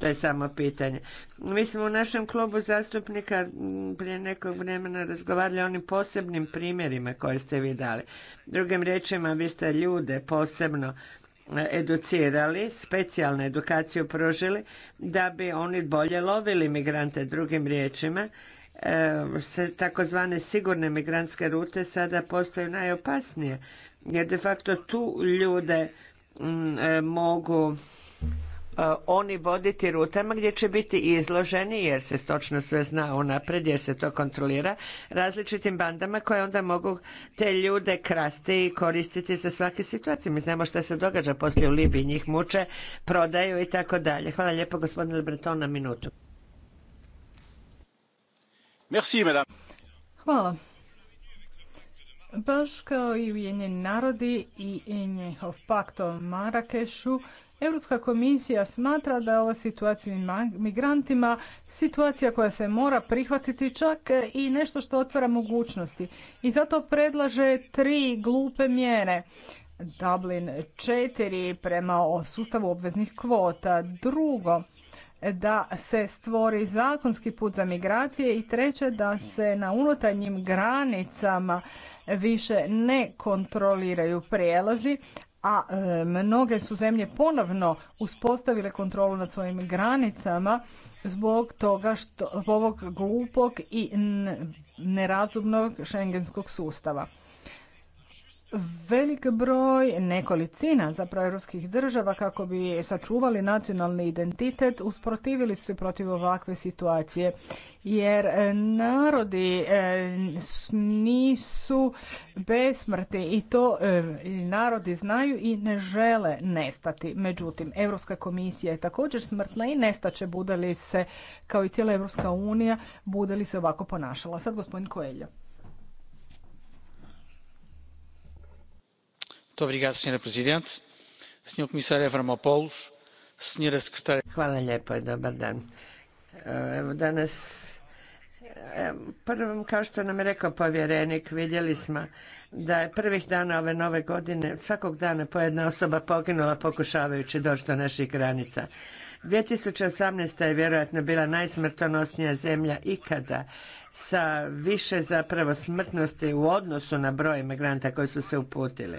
To je samo pitanje. Mi smo u našem klubu zastupnika prije nekog vremena razgovarali o onim posebnim primjerima koje ste vi dali. Drugim riječima, vi ste ljude posebno e, educirali, specijalnu edukaciju pružili da bi oni bolje lovili migrante drugim riječima. E, se takozvane sigurne migrantske rute sada postaju najopasnije jer de facto tu ljude e, mogu E, oni voditi rutama gdje će biti izloženi jer se točno sve zna unaprijed jer se to kontrolira različitim bandama koje onda mogu te ljude krasti i koristiti za svake situacije. Mi znamo što se događa poslije u Libiji, njih muče, prodaju i tako dalje. Hvala lijepo gospodine Lebreton na minutu. Merci, Hvala. Baš i Ujedinjeni narodi i njihov pakt Marakešu Europska komisija smatra da je ova situacija migrantima situacija koja se mora prihvatiti čak e, i nešto što otvara mogućnosti. I zato predlaže tri glupe mjere. Dublin 4 prema sustavu obveznih kvota. Drugo, da se stvori zakonski put za migracije i treće da se na unutarnjim granicama više ne kontroliraju prijelazi, a e, mnoge su zemlje ponovno uspostavile kontrolu nad svojim granicama zbog toga što ovog glupog i nerazumnog schengenskog sustava velik broj nekolicina zapravo europskih država kako bi sačuvali nacionalni identitet usprotivili su se protiv ovakve situacije jer e, narodi e, nisu besmrti i to e, narodi znaju i ne žele nestati. Međutim, Europska komisija je također smrtna i nestaće bude li se, kao i cijela Europska unija, bude li se ovako ponašala. Sad gospodin Koelja. gospođo predsjednice hvala lijepo i dobar dan. Eh, danas eh, prvom kao što nam je rekao povjerenik vidjeli smo da je prvih dana ove nove godine svakog dana po jedna osoba poginula pokušavajući doći do naših granica. 2018. je vjerojatno bila najsmrtonosnija zemlja ikada sa više zapravo smrtnosti u odnosu na broj migranta koji su se uputili.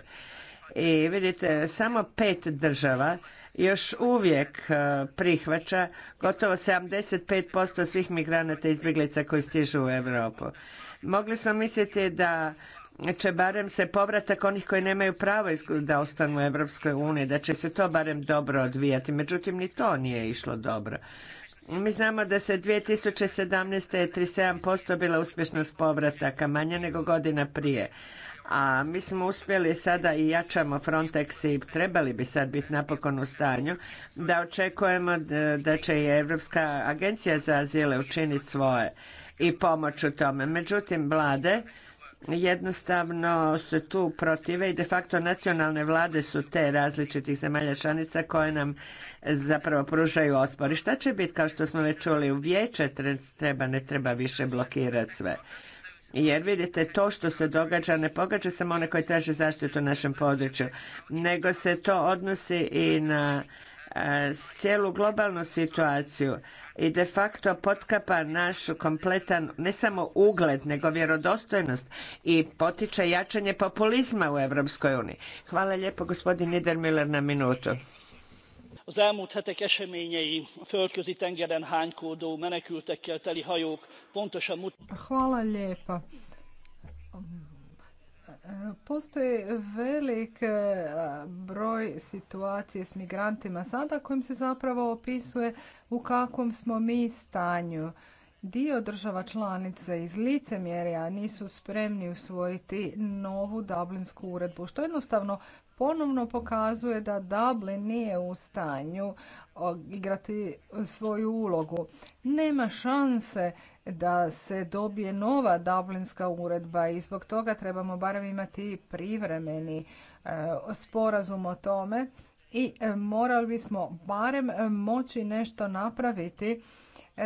I vidite, samo pet država još uvijek e, prihvaća gotovo 75% svih migranata i izbjeglica koji stižu u Europu. Mogli smo misliti da će barem se povratak onih koji nemaju pravo da ostanu u Europskoj uniji, da će se to barem dobro odvijati. Međutim, ni to nije išlo dobro. Mi znamo da se 2017. je 37% bila uspješnost povrataka, manje nego godina prije a mi smo uspjeli sada i jačamo Frontex i trebali bi sad biti napokon u stanju da očekujemo da će i Europska agencija za azile učiniti svoje i pomoć u tome. Međutim, vlade jednostavno se tu protive i de facto nacionalne vlade su te različitih zemalja članica koje nam zapravo pružaju otpor. I šta će biti, kao što smo već čuli, u vijeće treba, ne treba više blokirati sve. Jer vidite, to što se događa ne pogađa samo one koji traže zaštitu u našem području, nego se to odnosi i na e, cijelu globalnu situaciju i de facto potkapa naš kompletan ne samo ugled nego vjerodostojnost i potiče jačanje populizma u Europskoj uniji. Hvala lijepo gospodin Niedermüller na minutu az elmúlt hetek eseményei a földközi tengeren hánykódó menekültekkel teli hajók Postoji velik e, broj situacije s migrantima sada kojim se zapravo opisuje u kakvom smo mi stanju. Dio država članica iz licemjerja nisu spremni usvojiti novu Dublinsku uredbu, što jednostavno ponovno pokazuje da Dublin nije u stanju igrati svoju ulogu. Nema šanse da se dobije nova Dublinska uredba i zbog toga trebamo barem imati privremeni e, sporazum o tome i e, morali bismo barem e, moći nešto napraviti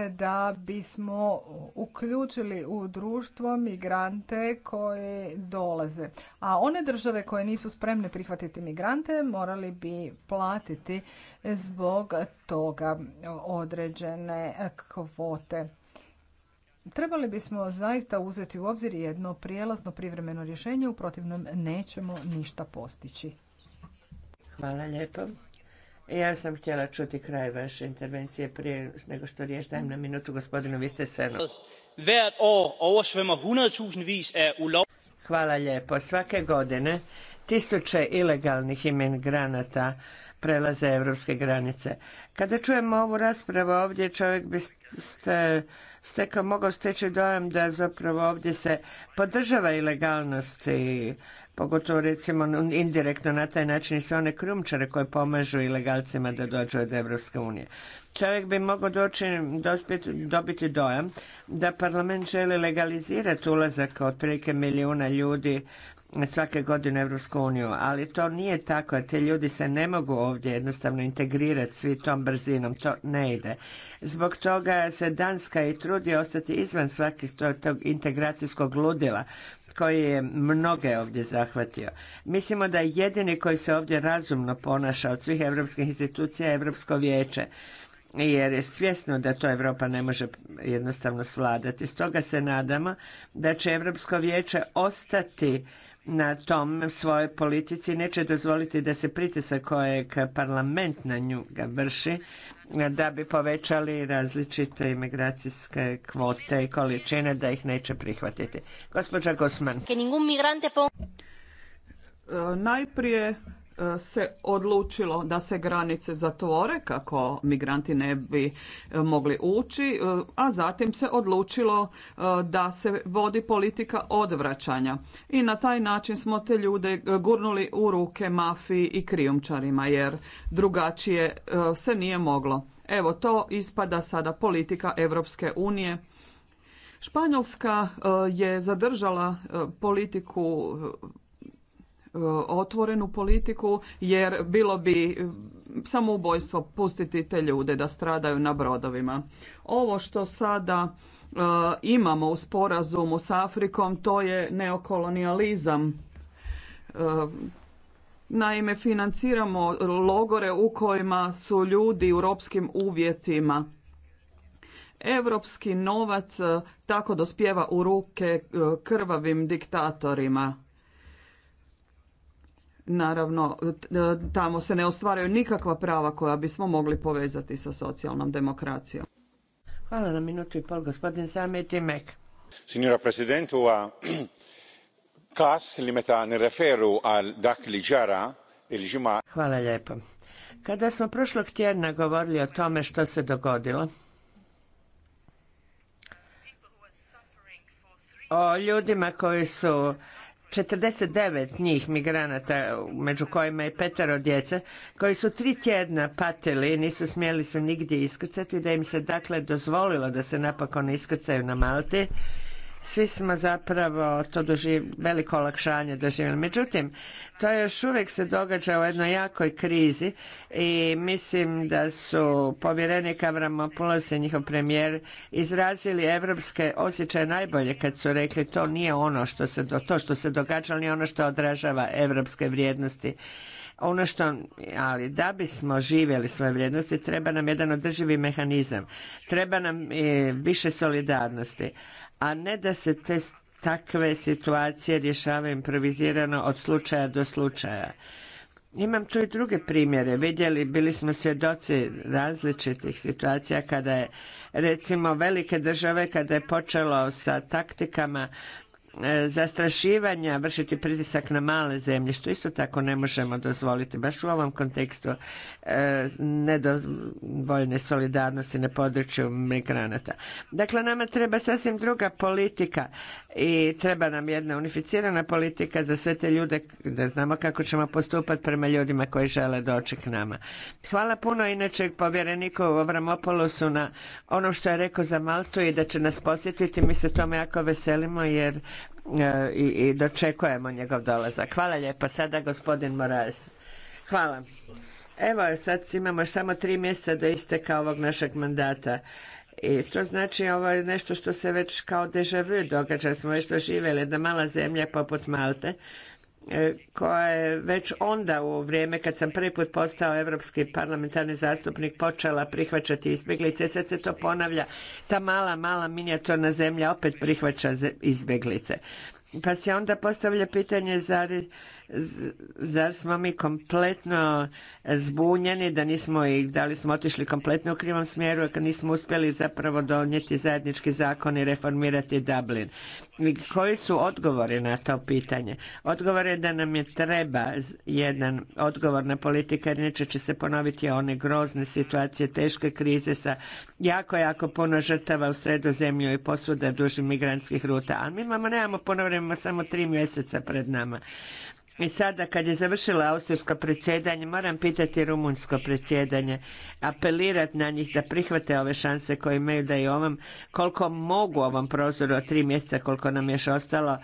da bismo uključili u društvo migrante koji dolaze. A one države koje nisu spremne prihvatiti migrante morali bi platiti zbog toga određene kvote. Trebali bismo zaista uzeti u obzir jedno prijelazno privremeno rješenje, u protivnom nećemo ništa postići. Hvala lijepo. Ja sam htjela čuti kraj vaše intervencije prije nego što riječ na minutu gospodinu Vistesenu. Hvala lijepo. Svake godine tisuće ilegalnih imigranata prelaze europske granice. Kada čujemo ovu raspravu ovdje čovjek bi ste stekao, mogao steći dojam da zapravo ovdje se podržava ilegalnost i pogotovo recimo indirektno na taj način i sve one krumčare koje pomažu ilegalcima da dođu od Evropske unije. Čovjek bi mogao doći, dobiti dojam da parlament želi legalizirati ulazak otprilike milijuna ljudi svake godine u Europsku uniju, ali to nije tako, jer ti ljudi se ne mogu ovdje jednostavno integrirati svi tom brzinom, to ne ide. Zbog toga se Danska i trudi ostati izvan svakih tog, integracijskog ludila koji je mnoge ovdje zahvatio. Mislimo da jedini koji se ovdje razumno ponaša od svih europskih institucija je Europsko vijeće jer je svjesno da to Europa ne može jednostavno svladati. Stoga se nadamo da će Europsko vijeće ostati na tom svojoj politici neće dozvoliti da se pritisak kojeg parlament na nju ga vrši da bi povećali različite imigracijske kvote i količine da ih neće prihvatiti. Gospođa Gosman. E, najprije E, se odlučilo da se granice zatvore kako migranti ne bi e, mogli ući, e, a zatim se odlučilo da se vodi politika odvraćanja. I na taj način smo te ljude gurnuli u ruke mafiji i krijumčarima jer drugačije se nije moglo. Evo to ispada sada politika Europske unije. Španjolska je zadržala politiku E, otvorenu politiku jer bilo bi e, samoubojstvo pustiti te ljude da stradaju na brodovima. Ovo što sada e, imamo u sporazumu s Afrikom to je neokolonijalizam. Naime, financiramo logore u kojima su ljudi u ropskim uvjetima. Europski novac tako dospjeva u ruke krvavim diktatorima. Naravno, tamo se ne ostvaraju nikakva prava koja bismo mogli povezati sa socijalnom demokracijom. Hvala na minutu i pol, gospodin Samet i Mek. Signora Presidente, kas li meta referu al dak li ili e ili Hvala lijepo. Kada smo prošlog tjedna govorili o tome što se dogodilo, o ljudima koji su 49 njih migranata, među kojima je petero djece, koji su tri tjedna patili i nisu smjeli se nigdje iskrcati, da im se dakle dozvolilo da se napokon iskrcaju na Malti svi smo zapravo to doživ, veliko olakšanje doživjeli. Međutim, to još uvijek se događa u jednoj jakoj krizi i mislim da su povjerenik Avramopoulos i njihov premijer izrazili evropske osjećaje najbolje kad su rekli to nije ono što se, to što se događa, nije ono što odražava evropske vrijednosti ono što, ali da bismo živjeli svoje vrijednosti, treba nam jedan održivi mehanizam. Treba nam više solidarnosti a ne da se te takve situacije rješavaju improvizirano od slučaja do slučaja. Imam tu i druge primjere. Vidjeli, bili smo svjedoci različitih situacija kada je recimo velike države kada je počelo sa taktikama E, zastrašivanja vršiti pritisak na male zemlje, što isto tako ne možemo dozvoliti. Baš u ovom kontekstu e, nedovoljne solidarnosti na području migranata. Dakle, nama treba sasvim druga politika i treba nam jedna unificirana politika za sve te ljude da znamo kako ćemo postupati prema ljudima koji žele doći k nama. Hvala puno inače povjereniku Avramopoulosu na ono što je rekao za Maltu i da će nas posjetiti. Mi se tome jako veselimo jer i, dočekujemo njegov dolazak. Hvala lijepa. Sada gospodin Moraz. Hvala. Evo, sad imamo samo tri mjeseca do isteka ovog našeg mandata. I to znači ovo je nešto što se već kao deja vu događa, smo već doživjeli da mala zemlja poput Malte E, koja je već onda u vrijeme kad sam prvi put postao europski parlamentarni zastupnik počela prihvaćati izbjeglice. Sad se to ponavlja. Ta mala, mala minijaturna zemlja opet prihvaća izbjeglice. Pa se onda postavlja pitanje zar Zar smo mi kompletno zbunjeni da nismo i da li smo otišli kompletno u krivom smjeru kad nismo uspjeli zapravo donijeti zajednički zakon i reformirati Dublin? koji su odgovori na to pitanje? Odgovor je da nam je treba jedan odgovor na politika jer neće će se ponoviti one grozne situacije, teške krize sa jako, jako puno žrtava u sredozemlju i posvuda dužim migrantskih ruta. Ali mi imamo, nemamo ponovno samo tri mjeseca pred nama. I sada kad je završila austrijsko predsjedanje, moram pitati rumunjsko predsjedanje, apelirati na njih da prihvate ove šanse koje imaju da i ovom, koliko mogu ovom prozoru od tri mjeseca koliko nam je još ostalo,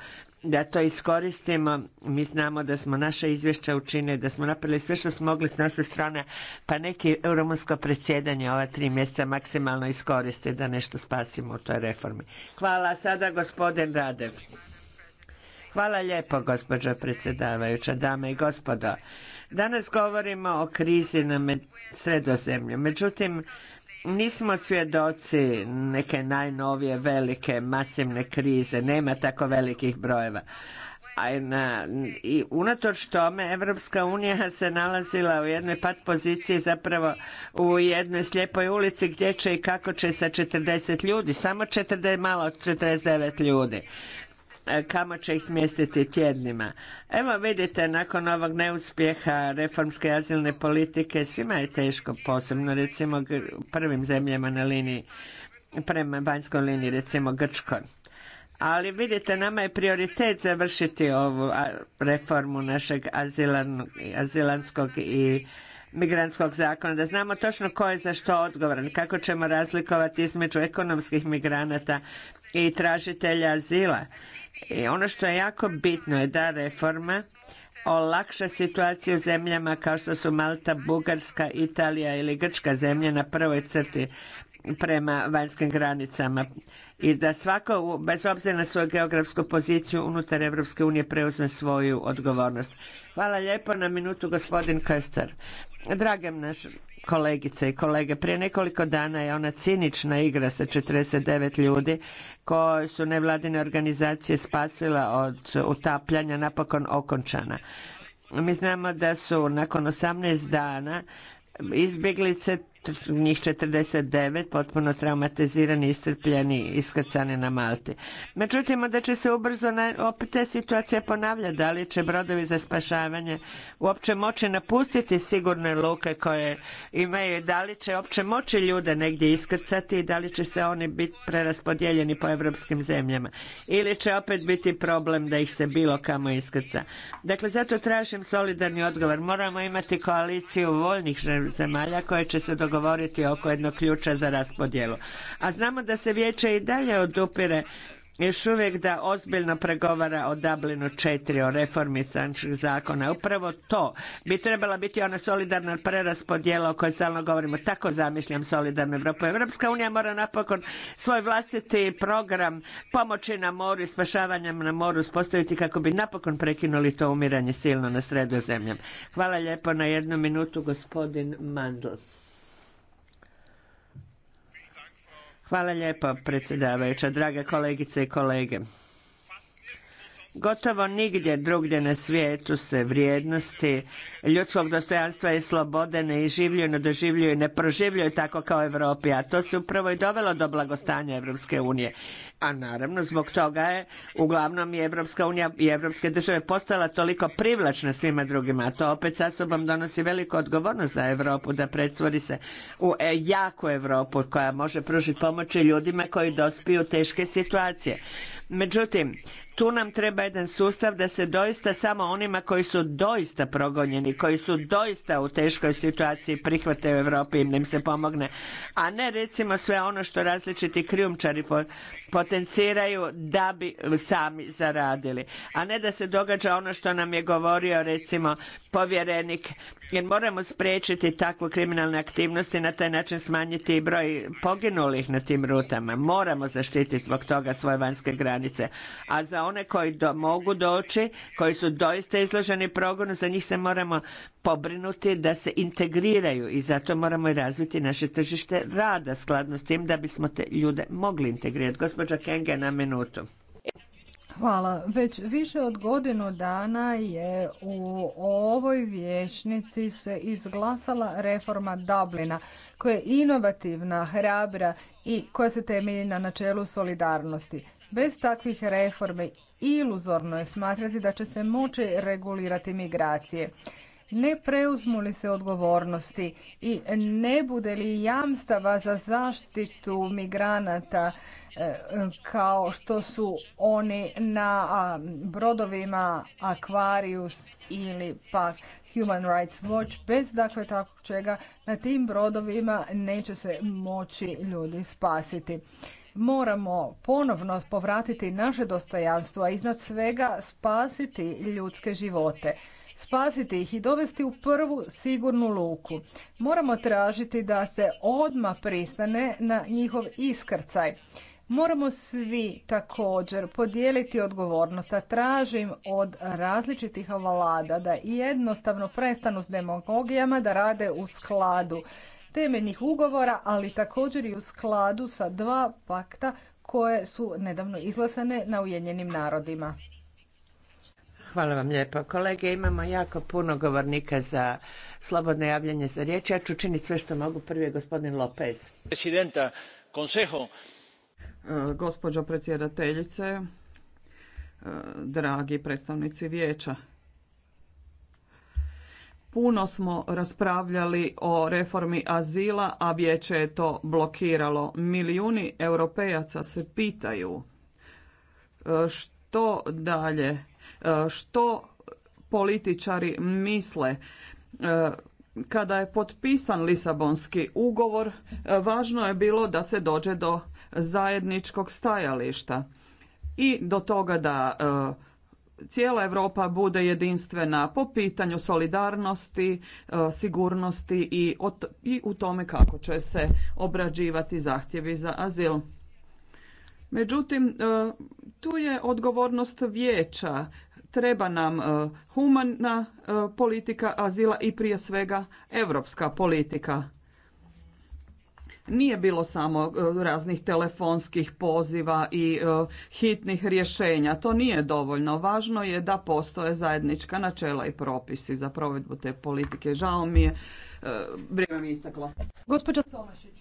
da to iskoristimo. Mi znamo da smo naše izvješća učinili, da smo napravili sve što smo mogli s naše strane, pa neki rumunsko predsjedanje ova tri mjeseca maksimalno iskoristi da nešto spasimo u toj reformi. Hvala. Sada gospodin Radev. Hvala lijepo, gospođo predsjedavajuća, dame i gospodo. Danas govorimo o krizi na sredozemlju, međutim, nismo svjedoci neke najnovije velike masivne krize, nema tako velikih brojeva. na, i unatoč tome Evropska unija se nalazila u jednoj pat poziciji zapravo u jednoj slijepoj ulici gdje će i kako će sa 40 ljudi, samo 40, malo 49 ljudi. E, kamo će ih smjestiti tjednima. Evo vidite, nakon ovog neuspjeha reformske azilne politike svima je teško, posebno recimo prvim zemljama na liniji, prema vanjskoj liniji, recimo Grčkoj. Ali vidite, nama je prioritet završiti ovu reformu našeg azilanskog i migrantskog zakona, da znamo točno ko je za što odgovoran, kako ćemo razlikovati između ekonomskih migranata i tražitelja azila i e, ono što je jako bitno je da reforma olakša situaciju zemljama kao što su Malta, Bugarska, Italija ili Grčka zemlje na prvoj crti prema vanjskim granicama i da svako, bez obzira na svoju geografsku poziciju unutar Europske unije preuzme svoju odgovornost. Hvala lijepo na minutu gospodin Köster. Drage naš, kolegice i kolege. Prije nekoliko dana je ona cinična igra sa 49 ljudi koje su nevladine organizacije spasila od utapljanja napokon okončana. Mi znamo da su nakon 18 dana izbjeglice njih 49 potpuno traumatizirani, iscrpljeni, iskrcani na Malti. Međutim, da će se ubrzo opet te situacije ponavljati, da li će brodovi za spašavanje uopće moći napustiti sigurne luke koje imaju, da li će uopće moći ljude negdje iskrcati i da li će se oni biti preraspodijeljeni po europskim zemljama. Ili će opet biti problem da ih se bilo kamo iskrca. Dakle, zato tražim solidarni odgovor. Moramo imati koaliciju voljnih zemalja koje će se dogoditi govoriti oko jednog ključa za raspodjelu. A znamo da se vijeće i dalje odupire još uvijek da ozbiljno pregovara o Dublinu 4, o reformi sančnih zakona. Upravo to bi trebala biti ona solidarna preraspodjela o kojoj stalno govorimo. Tako zamišljam solidarnu Europu. Evropska unija mora napokon svoj vlastiti program pomoći na moru i spašavanjem na moru spostaviti kako bi napokon prekinuli to umiranje silno na sredu sredozemljem. Hvala lijepo na jednu minutu gospodin Mandl. Hvala lijepo predsjedavajuća, drage kolegice i kolege. Gotovo nigdje drugdje na svijetu se vrijednosti ljudskog dostojanstva i slobode ne iživljuju, ne doživljuju, ne proživljuju tako kao Europi, a to se upravo i dovelo do blagostanja Europske unije. A naravno zbog toga je uglavnom i Europska unija i europske države postala toliko privlačna svima drugima, a to opet sa sobom donosi veliku odgovornost za Europu da pretvori se u e, jaku Europu koja može pružiti pomoći ljudima koji dospiju teške situacije. Međutim, tu nam treba jedan sustav da se doista samo onima koji su doista progonjeni, koji su doista u teškoj situaciji prihvate u Europi i im se pomogne, a ne recimo sve ono što različiti krijumčari potenciraju da bi sami zaradili, a ne da se događa ono što nam je govorio recimo povjerenik, jer moramo spriječiti takvu kriminalne aktivnosti na taj način smanjiti i broj poginulih na tim rutama. Moramo zaštititi zbog toga svoje vanjske granice. A za one koji do, mogu doći, koji su doista izloženi progonu, za njih se moramo pobrinuti da se integriraju i zato moramo i razviti naše tržište rada skladno s tim da bismo te ljude mogli integrirati. Gospođa Kenge na minutu. Hvala. Već više od godinu dana je u ovoj vijećnici se izglasala reforma Dublina, koja je inovativna, hrabra i koja se temelji na načelu solidarnosti. Bez takvih reforme iluzorno je smatrati da će se moći regulirati migracije. Ne preuzmu li se odgovornosti i ne bude li jamstava za zaštitu migranata e, kao što su oni na brodovima Aquarius ili pak Human Rights Watch, bez dakle takvog čega na tim brodovima neće se moći ljudi spasiti. Moramo ponovno povratiti naše dostojanstvo, a iznad svega spasiti ljudske živote spasiti ih i dovesti u prvu sigurnu luku. Moramo tražiti da se odma pristane na njihov iskrcaj. Moramo svi također podijeliti odgovornost, a tražim od različitih vlada da jednostavno prestanu s demagogijama, da rade u skladu temeljnih ugovora, ali također i u skladu sa dva pakta koje su nedavno izglasane na Ujedinjenim narodima. Hvala vam lijepo. Kolege, imamo jako puno govornika za slobodno javljanje za riječ. Ja ću učiniti sve što mogu. Prvi je gospodin Lopez. Presidenta, konseho. E, gospođo predsjedateljice, e, dragi predstavnici vijeća, Puno smo raspravljali o reformi azila, a vijeće je to blokiralo. Milijuni europejaca se pitaju e, što dalje, e, što političari misle e, kada je potpisan Lisabonski ugovor, važno je bilo da se dođe do zajedničkog stajališta i do toga da cijela Europa bude jedinstvena po pitanju solidarnosti, e, sigurnosti i, i u tome kako će se obrađivati zahtjevi za azil. Međutim, e, tu je odgovornost vijeća. Treba nam e, humana politika azila i prije svega europska politika. Nije bilo samo e, raznih telefonskih poziva i e, hitnih rješenja. To nije dovoljno. Važno je da postoje zajednička načela i propisi za provedbu te politike. Žao mi je. E, vrijeme mi je isteklo. Gospođa Tomašić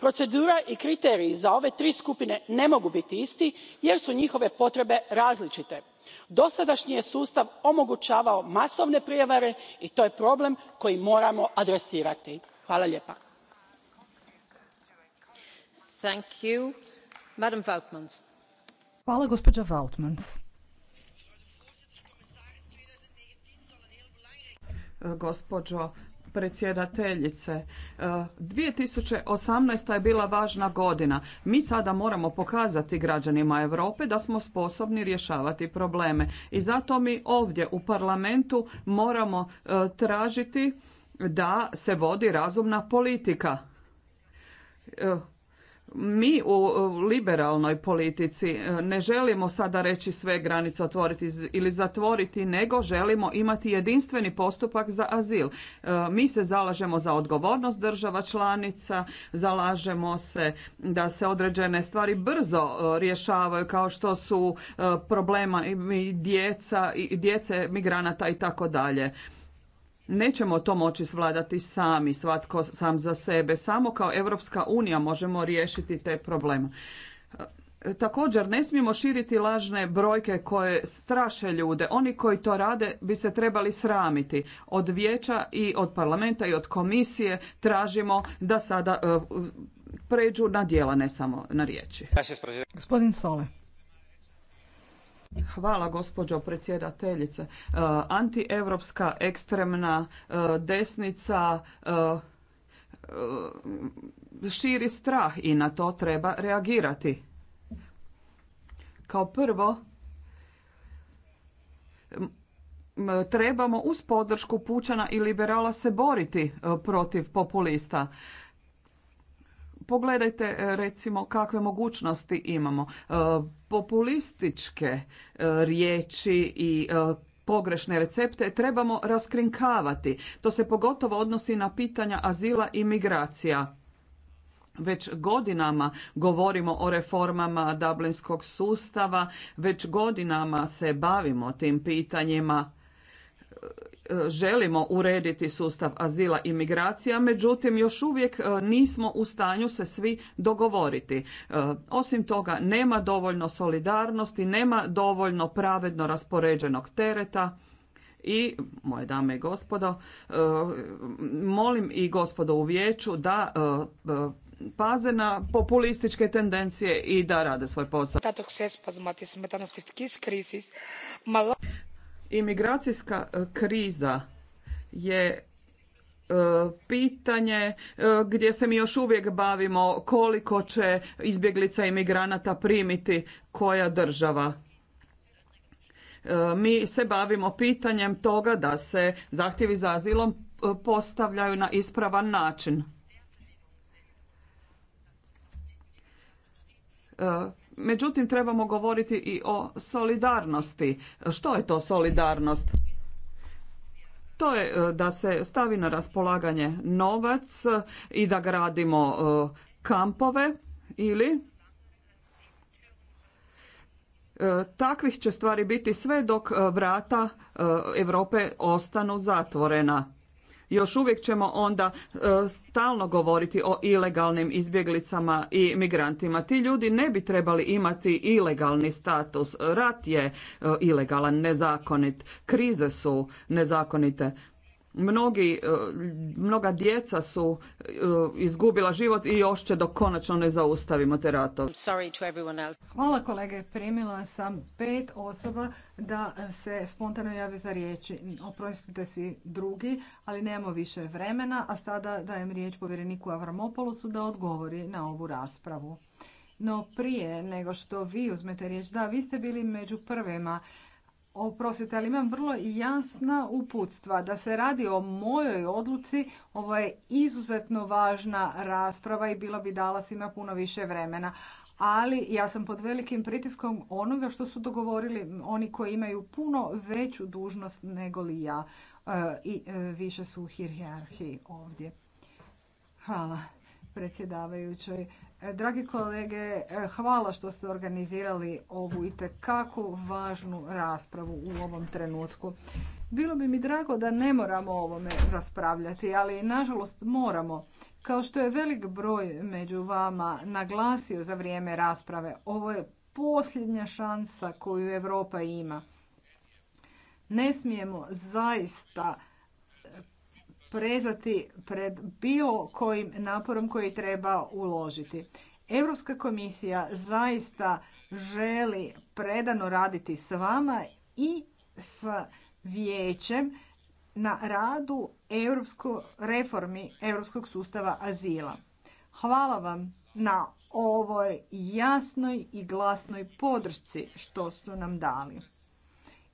procedura i kriteriji za ove tri skupine ne mogu biti isti jer su njihove potrebe različite. dosadašnji je sustav omogućavao masovne prijevare i to je problem koji moramo adresirati. hvala lijepa predsjedateljice. 2018. E, je bila važna godina. Mi sada moramo pokazati građanima Europe da smo sposobni rješavati probleme. I zato mi ovdje u parlamentu moramo e, tražiti da se vodi razumna politika e, mi u liberalnoj politici e, ne želimo sada reći sve granice otvoriti ili zatvoriti, nego želimo imati jedinstveni postupak za azil. E, mi se zalažemo za odgovornost država članica, zalažemo se da se određene stvari brzo e, rješavaju kao što su problema djeca, djece migranata i tako dalje. Nećemo to moći svladati sami, svatko sam za sebe. Samo kao Europska unija možemo riješiti te probleme. E, također ne smijemo širiti lažne brojke koje straše ljude. Oni koji to rade bi se trebali sramiti. Od vijeća i od parlamenta i od komisije tražimo da sada e, pređu na dijela, ne samo na riječi. Gospodin Sole. Hvala gospođo predsjedateljice. E, antievropska ekstremna e, desnica e, širi strah i na to treba reagirati. Kao prvo, trebamo uz podršku pučana i liberala se boriti protiv populista. Pogledajte e, recimo kakve mogućnosti imamo. E, populističke e, riječi i pogrešne recepte trebamo raskrinkavati. To se pogotovo odnosi na pitanja azila i migracija. Već godinama govorimo o reformama dublinskog sustava, već godinama se bavimo tim pitanjima E, želimo urediti sustav azila i migracija, međutim još uvijek e, nismo u stanju se svi dogovoriti. E, osim toga nema dovoljno solidarnosti, nema dovoljno pravedno raspoređenog tereta i moje dame i gospodo, molim i gospodo u vijeću da paze na populističke tendencije i da rade svoj posao. Imigracijska e, kriza je e, pitanje e, gdje se mi još uvijek bavimo koliko će izbjeglica imigranata primiti koja država. Mi se bavimo pitanjem toga da se zahtjevi za azilom postavljaju na ispravan način. Međutim, trebamo govoriti i o solidarnosti. Što je to solidarnost? To je e, da se stavi na raspolaganje novac i da gradimo e, kampove ili e, takvih će stvari biti sve dok vrata Europe ostanu zatvorena još uvijek ćemo onda e, stalno govoriti o ilegalnim izbjeglicama i migrantima. Ti ljudi ne bi trebali imati ilegalni status. Rat je e, ilegalan, nezakonit, krize su nezakonite. Mnogi, e, mnoga djeca su e, izgubila život i još će dok konačno ne zaustavimo te ratove. Hvala kolege, primila sam pet osoba da se spontano javi za riječi. Oprostite svi drugi, ali nemamo više vremena, a sada dajem riječ povjereniku Avramopolosu da odgovori na ovu raspravu. No prije nego što vi uzmete riječ, da, vi ste bili među prvima Oprostite, ali imam vrlo jasna uputstva da se radi o mojoj odluci. Ovo je izuzetno važna rasprava i bila bi dala svima puno više vremena. Ali ja sam pod velikim pritiskom onoga što su dogovorili oni koji imaju puno veću dužnost nego li ja e, i e, više su u ovdje. Hvala predsjedavajućoj. Dragi kolege, hvala što ste organizirali ovu i važnu raspravu u ovom trenutku. Bilo bi mi drago da ne moramo o ovome raspravljati, ali nažalost moramo. Kao što je velik broj među vama naglasio za vrijeme rasprave, ovo je posljednja šansa koju Europa ima. Ne smijemo zaista prezati pred bilo kojim naporom koji treba uložiti. Europska komisija zaista želi predano raditi s vama i s vijećem na radu reformi europskog sustava azila. Hvala vam na ovoj jasnoj i glasnoj podršci što su nam dali.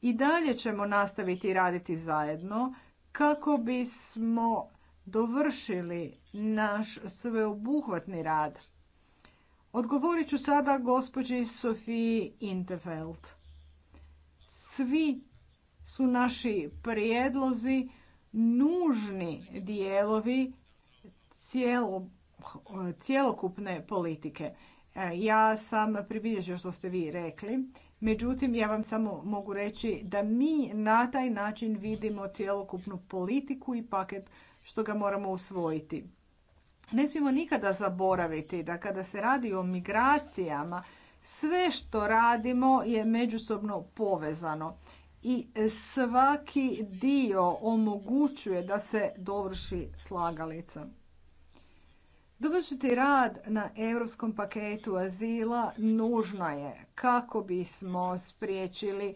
I dalje ćemo nastaviti raditi zajedno kako bismo dovršili naš sveobuhvatni rad. Odgovorit ću sada gospođi Sofiji Interfeld. Svi su naši prijedlozi nužni dijelovi cjelokupne politike. Ja sam pribilježio što ste vi rekli Međutim, ja vam samo mogu reći da mi na taj način vidimo cjelokupnu politiku i paket što ga moramo usvojiti. Ne smijemo nikada zaboraviti da kada se radi o migracijama, sve što radimo je međusobno povezano i svaki dio omogućuje da se dovrši slagalica. Dovršiti rad na europskom paketu azila nužno je kako bismo spriječili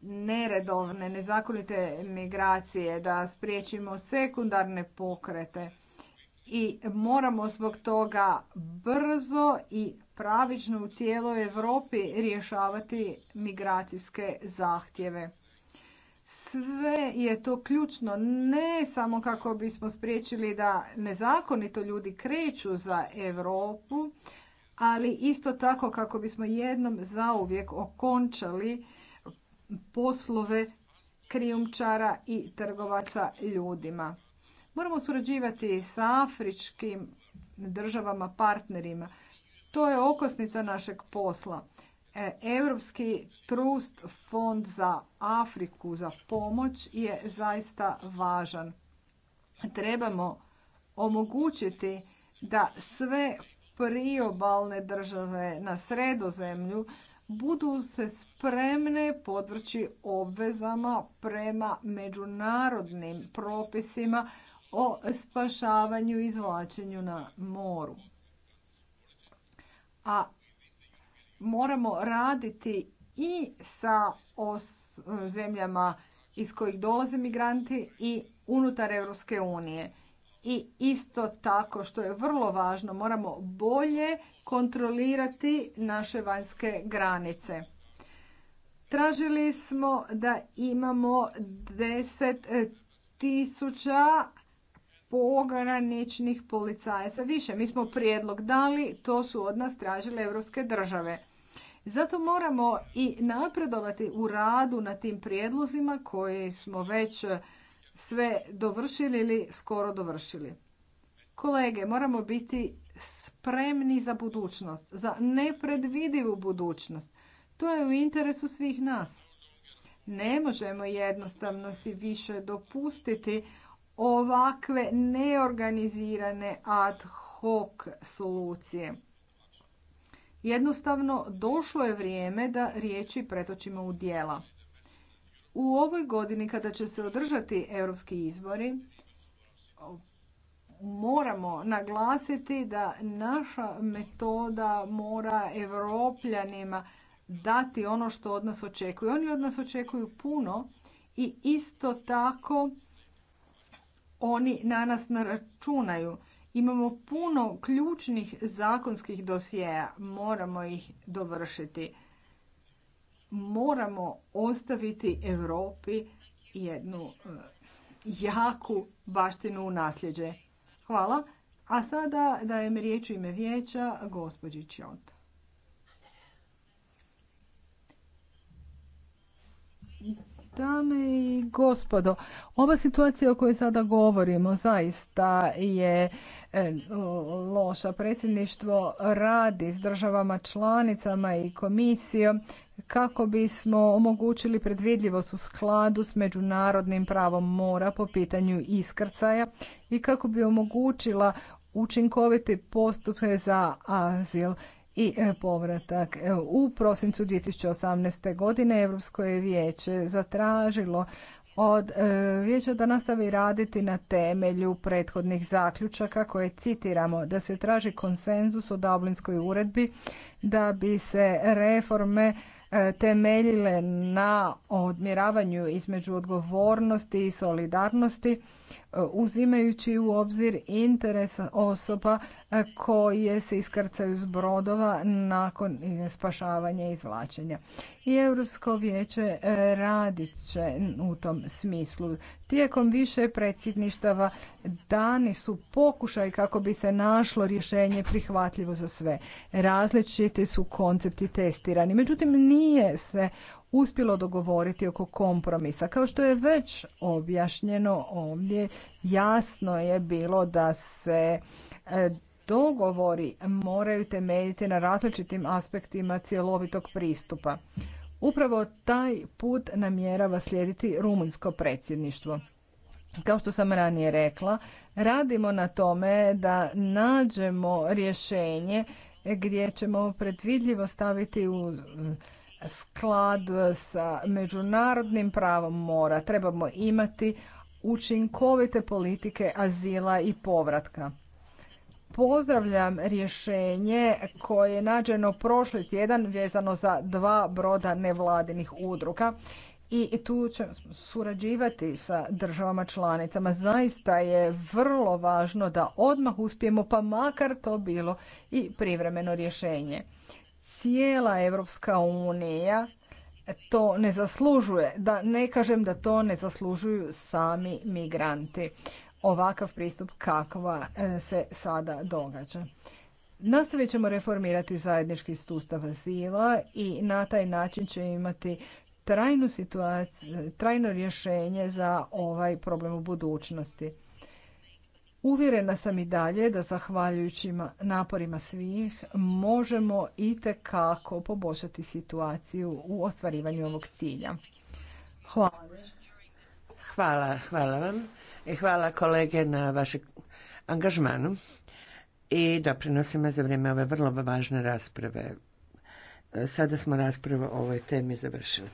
neredovne, nezakonite migracije, da spriječimo sekundarne pokrete i moramo zbog toga brzo i pravično u cijeloj Europi rješavati migracijske zahtjeve. Sve je to ključno, ne samo kako bismo spriječili da nezakonito ljudi kreću za Europu, ali isto tako kako bismo jednom zauvijek okončali poslove krijumčara i trgovaca ljudima. Moramo surađivati sa afričkim državama partnerima. To je okosnica našeg posla. E, Europski trust fond za Afriku za pomoć je zaista važan. Trebamo omogućiti da sve priobalne države na sredozemlju budu se spremne podvrći obvezama prema međunarodnim propisima o spašavanju i izvlačenju na moru. A moramo raditi i sa zemljama iz kojih dolaze migranti i unutar Europske unije. I isto tako što je vrlo važno, moramo bolje kontrolirati naše vanjske granice. Tražili smo da imamo deset tisuća pograničnih policajaca više. Mi smo prijedlog dali, to su od nas tražile europske države. Zato moramo i napredovati u radu na tim prijedlozima koje smo već sve dovršili ili skoro dovršili. Kolege, moramo biti spremni za budućnost, za nepredvidivu budućnost. To je u interesu svih nas. Ne možemo jednostavno si više dopustiti ovakve neorganizirane ad hoc solucije. Jednostavno, došlo je vrijeme da riječi pretočimo u dijela. U ovoj godini kada će se održati europski izbori, moramo naglasiti da naša metoda mora evropljanima dati ono što od nas očekuju. Oni od nas očekuju puno i isto tako oni na nas naračunaju. Imamo puno ključnih zakonskih dosjeja, moramo ih dovršiti. Moramo ostaviti Europi jednu e, jaku baštinu u nasljeđe. Hvala. A sada dajem riječ u ime vijeća gospođi Čot. Dame i gospodo, ova situacija o kojoj sada govorimo zaista je e, loša. Predsjedništvo radi s državama članicama i komisijom kako bismo omogućili predvidljivost u skladu s međunarodnim pravom mora po pitanju iskrcaja i kako bi omogućila učinkoviti postupe za azil i e, povratak. E, u prosincu 2018. godine Europsko je vijeće zatražilo od e, vijeća da nastavi raditi na temelju prethodnih zaključaka koje citiramo da se traži konsenzus o Dublinskoj uredbi da bi se reforme temeljile na odmjeravanju između odgovornosti i solidarnosti uzimajući u obzir interes osoba e, koje se iskrcaju s brodova nakon spašavanja i izvlačenja. I Europsko vijeće e, radit će u tom smislu. Tijekom više predsjedništava dani su pokušaj kako bi se našlo rješenje prihvatljivo za sve. Različiti su koncepti testirani. Međutim, nije se uspjelo dogovoriti oko kompromisa. Kao što je već objašnjeno ovdje, jasno je bilo da se e, dogovori moraju temeljiti na različitim aspektima cjelovitog pristupa. Upravo taj put namjerava slijediti rumunjsko predsjedništvo. Kao što sam ranije rekla, radimo na tome da nađemo rješenje gdje ćemo predvidljivo staviti u sklad e, sa međunarodnim pravom mora. Trebamo imati učinkovite politike azila i povratka. Pozdravljam rješenje koje je nađeno prošli tjedan vezano za dva broda nevladinih udruga i tu ćemo surađivati sa državama članicama. Zaista je vrlo važno da odmah uspijemo, pa makar to bilo i privremeno rješenje cijela Evropska unija to ne zaslužuje. Da ne kažem da to ne zaslužuju sami migranti. Ovakav pristup kakva e, se sada događa. Nastavit ćemo reformirati zajednički sustav azila i na taj način će imati trajnu trajno rješenje za ovaj problem u budućnosti. Uvjerena sam i dalje da zahvaljujući naporima svih možemo i tekako poboljšati situaciju u ostvarivanju ovog cilja. Hvala. Hvala, hvala vam i hvala kolege na vašem angažmanu i doprinosima za vrijeme ove vrlo važne rasprave. Sada smo raspravu o ovoj temi završili.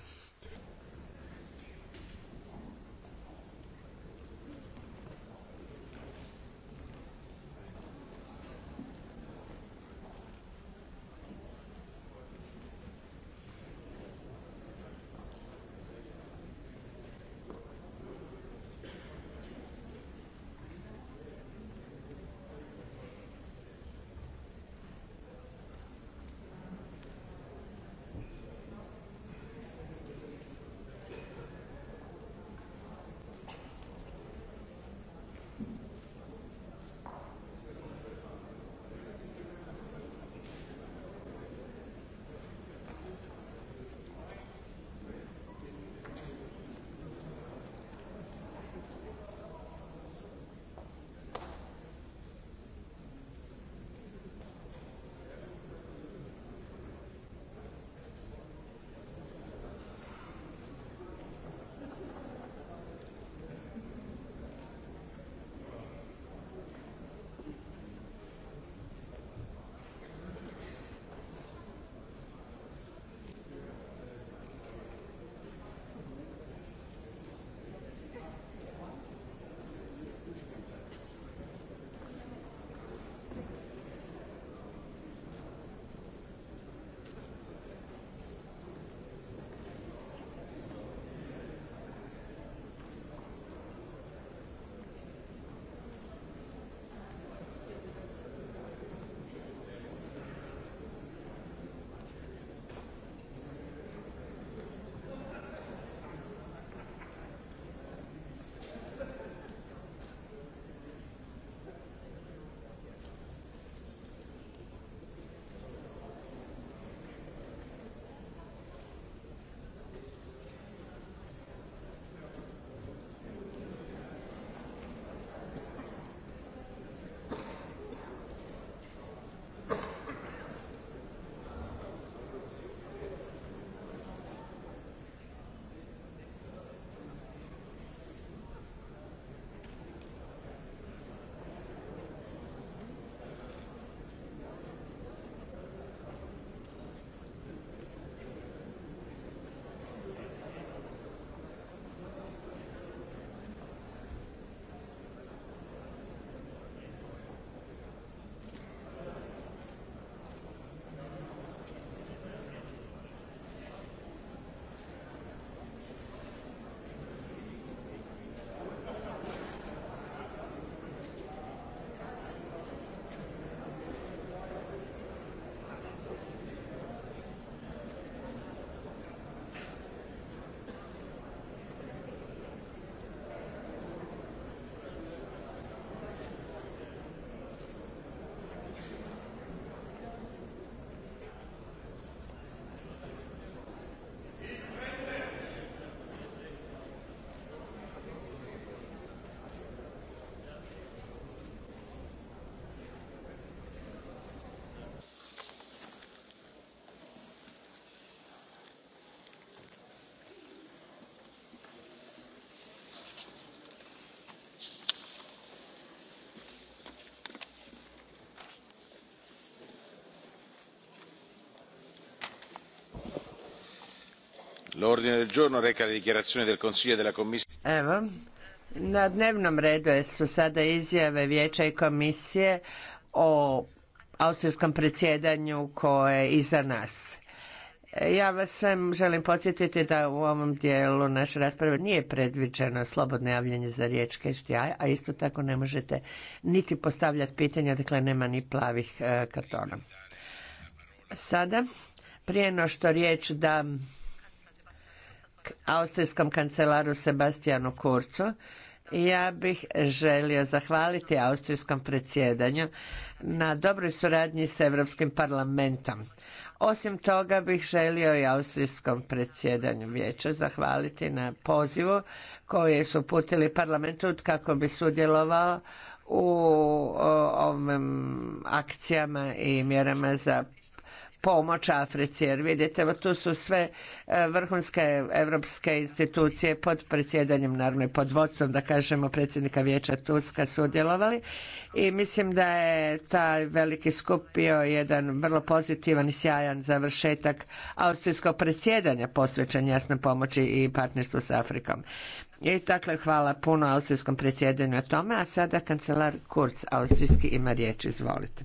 l'ordine del na dnevnom redu su sada izjave vijeća i komisije o austrijskom predsjedanju koje je iza nas ja vas sve želim podsjetiti da u ovom dijelu naše rasprave nije predviđeno slobodno javljanje za riječ ht a isto tako ne možete niti postavljati pitanja, dakle nema ni plavih e, kartona. Sada, prije no što riječ da austrijskom kancelaru Sebastianu Kurcu. Ja bih želio zahvaliti austrijskom predsjedanju na dobroj suradnji s Europskim parlamentom. Osim toga bih želio i austrijskom predsjedanju vijeća zahvaliti na pozivu koje su putili parlamentu kako bi sudjelovao u ovim akcijama i mjerama za pomoć Africi, jer vidite, tu su sve e, vrhunske evropske institucije pod predsjedanjem, naravno i pod vodstvom, da kažemo, predsjednika vijeća Tuska sudjelovali i mislim da je taj veliki skup bio jedan vrlo pozitivan i sjajan završetak austrijskog predsjedanja posvećen jasnoj pomoći i partnerstvu s Afrikom. I dakle, hvala puno austrijskom predsjedanju o tome, a sada kancelar Kurz austrijski ima riječ, izvolite.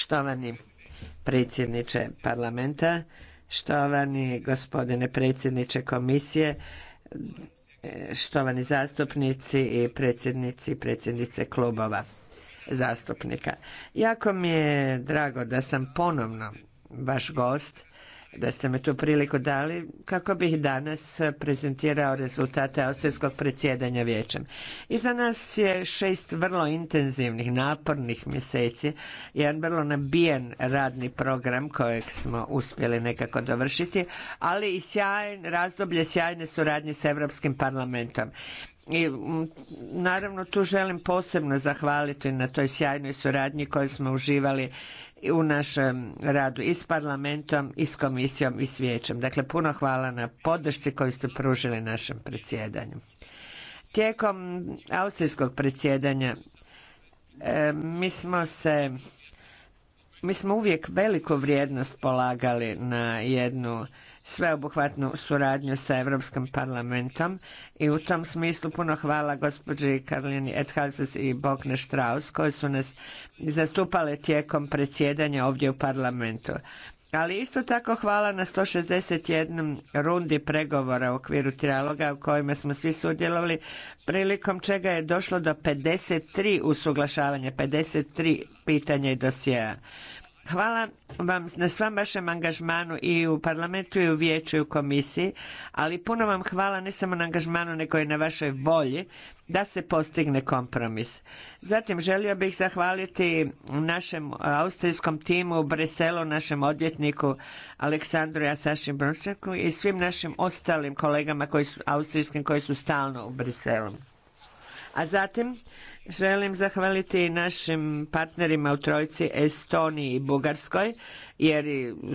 Štovani predsjedniče parlamenta, štovani gospodine predsjedniče komisije, štovani zastupnici i predsjednici i predsjednice klubova zastupnika. Jako mi je drago da sam ponovno vaš gost da ste me tu priliku dali kako bih danas prezentirao rezultate austrijskog predsjedanja vijećem. Iza nas je šest vrlo intenzivnih, napornih mjeseci, jedan vrlo nabijen radni program kojeg smo uspjeli nekako dovršiti, ali i sjajn, razdoblje sjajne suradnje s Europskim parlamentom. I naravno tu želim posebno zahvaliti na toj sjajnoj suradnji koju smo uživali u našem radu i s parlamentom i s komisijom i s vijećem. Dakle, puno hvala na podršci koju ste pružili našem predsjedanju. Tijekom austrijskog predsjedanja e, mi smo se mi smo uvijek veliku vrijednost polagali na jednu sveobuhvatnu suradnju sa Europskim parlamentom i u tom smislu puno hvala gospođi Karlini Edhalses i Bokne Strauss koji su nas zastupale tijekom predsjedanja ovdje u parlamentu. Ali isto tako hvala na 161 rundi pregovora u okviru trijaloga u kojima smo svi sudjelovali, prilikom čega je došlo do 53 usuglašavanja, 53 pitanja i dosjeja. Hvala vam na svam vašem angažmanu i u parlamentu i u vijeću i u komisiji, ali puno vam hvala ne samo na angažmanu nego i na vašoj volji da se postigne kompromis. Zatim želio bih zahvaliti našem austrijskom timu u Briselu, našem odvjetniku Aleksandru Jasaši Brončaku i svim našim ostalim kolegama koji su, austrijskim koji su stalno u Briselu. A zatim Želim zahvaliti našim partnerima u Trojci Estoniji i Bugarskoj jer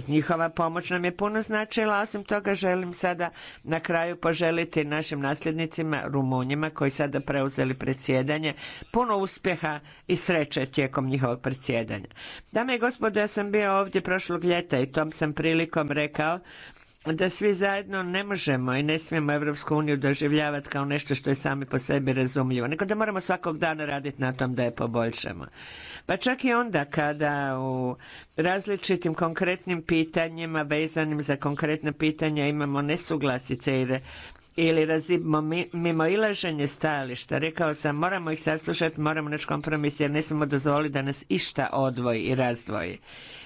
njihova pomoć nam je puno značila. Osim toga želim sada na kraju poželiti našim nasljednicima Rumunjima koji sada preuzeli predsjedanje puno uspjeha i sreće tijekom njihovog predsjedanja. Dame i gospodo, ja sam bio ovdje prošlog ljeta i tom sam prilikom rekao da svi zajedno ne možemo i ne smijemo Evropsku uniju doživljavati kao nešto što je sami po sebi razumljivo, nego da moramo svakog dana raditi na tom da je poboljšamo. Pa čak i onda kada u različitim konkretnim pitanjima vezanim za konkretna pitanja imamo nesuglasice i ili razimo mimo ilaženje stajališta. Rekao sam, moramo ih saslušati, moramo naći kompromis jer ne smo dozvoliti da nas išta odvoji i razdvoji.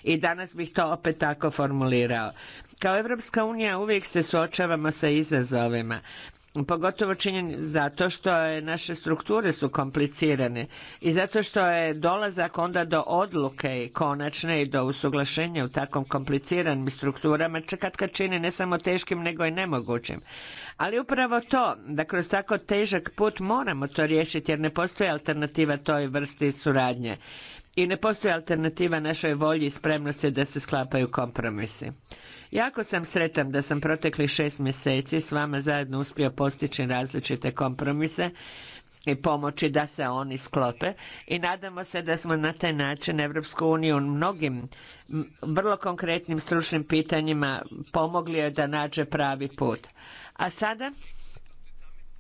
I danas bih to opet tako formulirao. Kao Evropska unija uvijek se suočavamo sa izazovima Pogotovo činjen zato što naše strukture su komplicirane i zato što je dolazak onda do odluke konačne i do usuglašenja u takvom kompliciranim strukturama čekat kad čini ne samo teškim nego i nemogućim. Ali upravo to, da kroz tako težak put moramo to riješiti jer ne postoji alternativa toj vrsti suradnje i ne postoji alternativa našoj volji i spremnosti da se sklapaju kompromisi. Jako sam sretan da sam protekli šest mjeseci s vama zajedno uspio postići različite kompromise i pomoći da se oni sklope i nadamo se da smo na taj način Evropsku uniju mnogim vrlo konkretnim stručnim pitanjima pomogli da nađe pravi put. A sada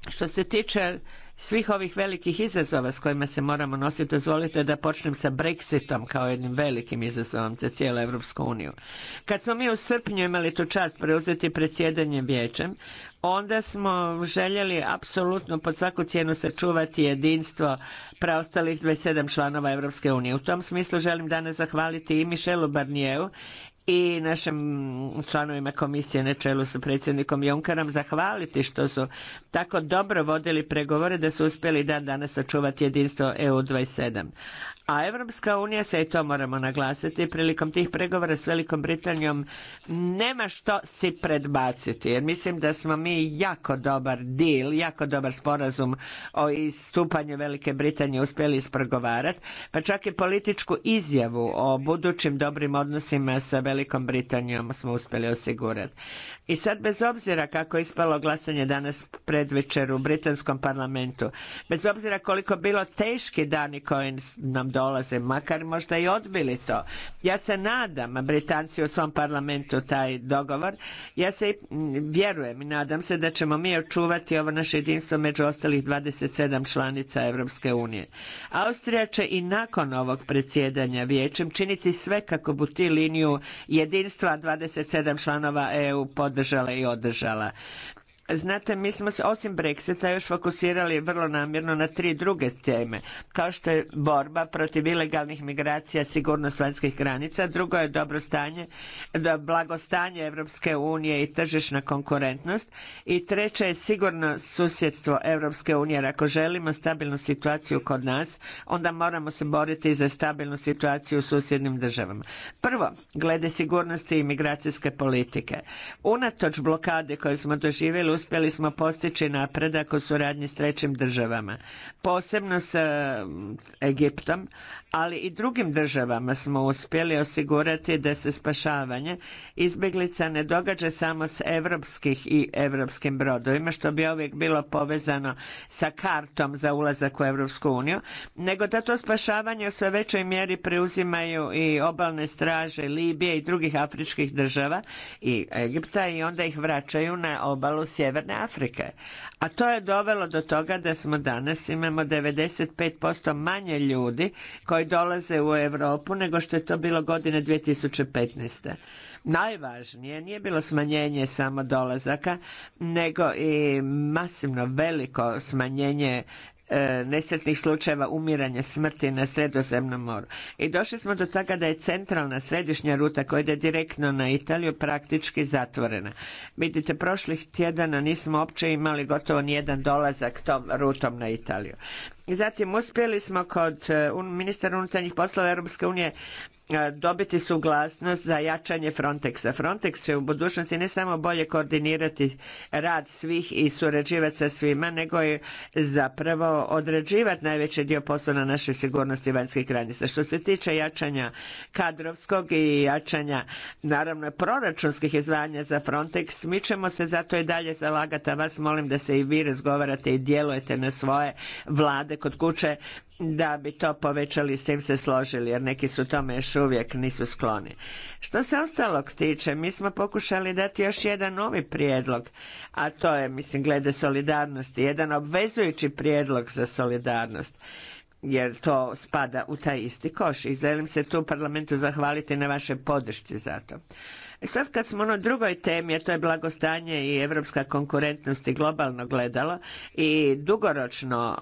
što se tiče svih ovih velikih izazova s kojima se moramo nositi, dozvolite da počnem sa Brexitom kao jednim velikim izazovom za cijelu Europsku uniju. Kad smo mi u srpnju imali tu čast preuzeti predsjedanje vijećem, onda smo željeli apsolutno pod svaku cijenu sačuvati jedinstvo preostalih 27 članova Europske unije. U tom smislu želim danas zahvaliti i Michelu Barnijevu i našim članovima komisije na čelu sa predsjednikom Junkerom zahvaliti što su tako dobro vodili pregovore da su uspjeli dan danas sačuvati jedinstvo EU 27. A Evropska unija se i to moramo naglasiti prilikom tih pregovora s Velikom Britanijom nema što si predbaciti jer mislim da smo mi jako dobar deal, jako dobar sporazum o istupanju Velike Britanije uspjeli ispregovarati, pa čak i političku izjavu o budućim dobrim odnosima sa Velikom Velikom Britanijom smo uspjeli osigurati. I sad bez obzira kako je ispalo glasanje danas predvečer u britanskom parlamentu, bez obzira koliko bilo teški dani koji nam dolaze, makar možda i odbili to, ja se nadam, Britanci u svom parlamentu taj dogovor, ja se vjerujem i nadam se da ćemo mi očuvati ovo naše jedinstvo među ostalih 27 članica Europske unije. Austrija će i nakon ovog predsjedanja vijećem činiti sve kako bi ti liniju jedinstva 27 članova EU pod podržala i održala. Znate, mi smo se osim Brexita još fokusirali vrlo namjerno na tri druge teme, kao što je borba protiv ilegalnih migracija, sigurnost vanjskih granica, drugo je dobro stanje, blagostanje Europske unije i tržišna konkurentnost i treće je sigurno susjedstvo Europske unije, jer ako želimo stabilnu situaciju kod nas, onda moramo se boriti za stabilnu situaciju u susjednim državama. Prvo, glede sigurnosti i migracijske politike. Unatoč blokade koje smo doživjeli uspjeli smo postići napredak u suradnji s trećim državama, posebno sa mm, Egiptom, ali i drugim državama smo uspjeli osigurati da se spašavanje izbjeglica ne događa samo s europskih i europskim brodovima, što bi uvijek bilo povezano sa kartom za ulazak u Europsku uniju, nego da to spašavanje u sve većoj mjeri preuzimaju i obalne straže Libije i drugih afričkih država i Egipta i onda ih vraćaju na obalu Sjeverne Afrike. A to je dovelo do toga da smo danas imamo 95% manje ljudi koji dolaze u Europu nego što je to bilo godine 2015. Najvažnije nije bilo smanjenje samo dolazaka, nego i masivno veliko smanjenje e, nesretnih slučajeva umiranja smrti na sredozemnom moru. I došli smo do toga da je centralna središnja ruta koja ide direktno na Italiju praktički zatvorena. Vidite, prošlih tjedana nismo opće imali gotovo nijedan dolazak tom rutom na Italiju. Zatim uspjeli smo kod e, ministra unutarnjih poslova Europske unije e, dobiti suglasnost za jačanje Frontexa. Frontex će u budućnosti ne samo bolje koordinirati rad svih i surađivati sa svima, nego i zapravo određivati najveći dio posla na našoj sigurnosti vanjskih granica. Što se tiče jačanja kadrovskog i jačanja naravno proračunskih izdvajanja za Frontex, mi ćemo se zato i dalje zalagati, a vas molim da se i vi razgovarate i djelujete na svoje vlade kod kuće da bi to povećali s tim se složili jer neki su tome još uvijek nisu skloni. Što se ostalog tiče, mi smo pokušali dati još jedan novi prijedlog, a to je mislim glede solidarnosti, jedan obvezujući prijedlog za solidarnost jer to spada u taj isti koš i želim se tu parlamentu zahvaliti na vašoj podršci za to. I e sad kad smo na drugoj temi, a to je blagostanje i evropska konkurentnost i globalno gledalo i dugoročno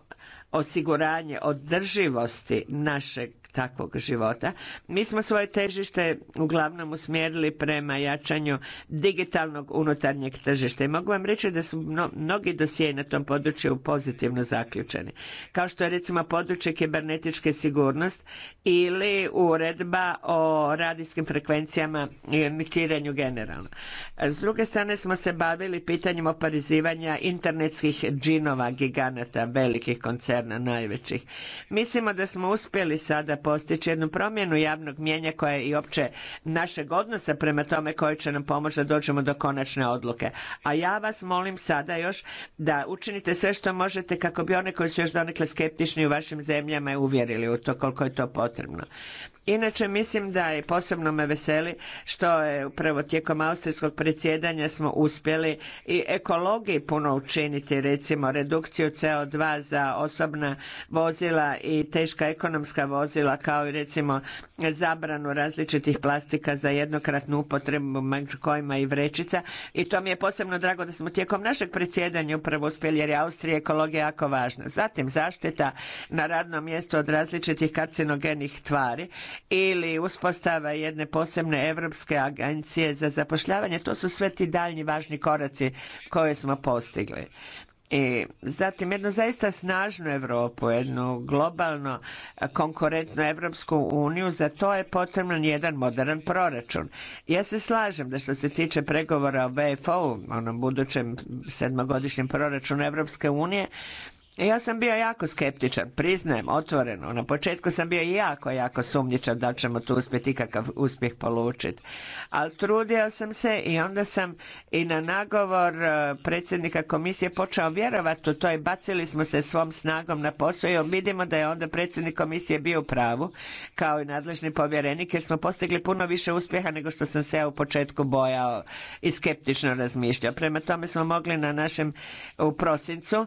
osiguranje održivosti našeg takvog života. Mi smo svoje težište uglavnom usmjerili prema jačanju digitalnog unutarnjeg tržišta i mogu vam reći da su mnogi dosije na tom području pozitivno zaključeni. Kao što je recimo područje kibernetičke sigurnost ili uredba o radijskim frekvencijama i emitiranju generalno. S druge strane smo se bavili pitanjem oparizivanja internetskih džinova, giganata, velikih koncerna, najvećih. Mislimo da smo uspjeli sada postići jednu promjenu javnog mijenja koja je i opće našeg odnosa prema tome koji će nam pomoći da dođemo do konačne odluke. A ja vas molim sada još da učinite sve što možete kako bi one koji su još donekle skeptični u vašim zemljama uvjerili u to koliko je to potrebno. Inače mislim da je posebno me veseli što je upravo tijekom austrijskog predsjedanja smo uspjeli i ekologiji puno učiniti recimo redukciju CO2 za osobna vozila i teška ekonomska vozila kao i recimo zabranu različitih plastika za jednokratnu upotrebu među kojima i vrećica i to mi je posebno drago da smo tijekom našeg predsjedanja upravo uspjeli jer je Austrija ekologija jako važna. Zatim zaštita na radnom mjestu od različitih karcinogenih tvari ili uspostava jedne posebne Europske agencije za zapošljavanje. To su sve ti daljnji važni koraci koje smo postigli. I zatim jednu zaista snažnu Europu, jednu globalno konkurentnu Europsku uniju, za to je potreban jedan modern proračun. Ja se slažem da što se tiče pregovora o VFO, onom budućem sedmogodišnjem proračunu Europske unije, E, ja sam bio jako skeptičan, priznajem, otvoreno. Na početku sam bio jako, jako sumnjičan da ćemo tu uspjeti ikakav uspjeh polučiti. Ali trudio sam se i onda sam i na nagovor e, predsjednika komisije počeo vjerovati u to i bacili smo se svom snagom na posao i vidimo da je onda predsjednik komisije bio u pravu, kao i nadležni povjerenik, jer smo postigli puno više uspjeha nego što sam se ja u početku bojao i skeptično razmišljao. Prema tome smo mogli na našem u prosincu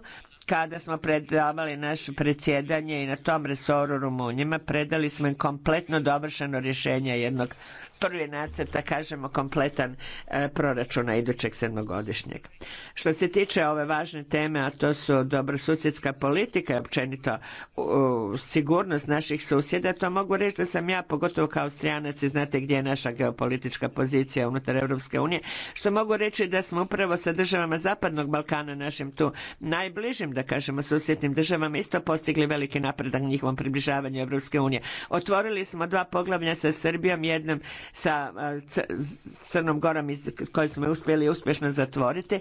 kada smo predavali naše predsjedanje i na tom resoru Rumunjima, predali smo kompletno dovršeno rješenje jednog prvi nacrt, da kažemo, kompletan e, proračuna idućeg sedmogodišnjeg. Što se tiče ove važne teme, a to su dobrosusjedska politika i općenito sigurnost naših susjeda, to mogu reći da sam ja, pogotovo kao Austrijanac i znate gdje je naša geopolitička pozicija unutar Europske unije, što mogu reći da smo upravo sa državama Zapadnog Balkana, našim tu najbližim, da kažemo, susjednim državama, isto postigli veliki napredak njihovom približavanju Europske unije. Otvorili smo dva poglavlja sa Srbijom, jednom sa Crnom Gorom koji smo uspjeli uspješno zatvoriti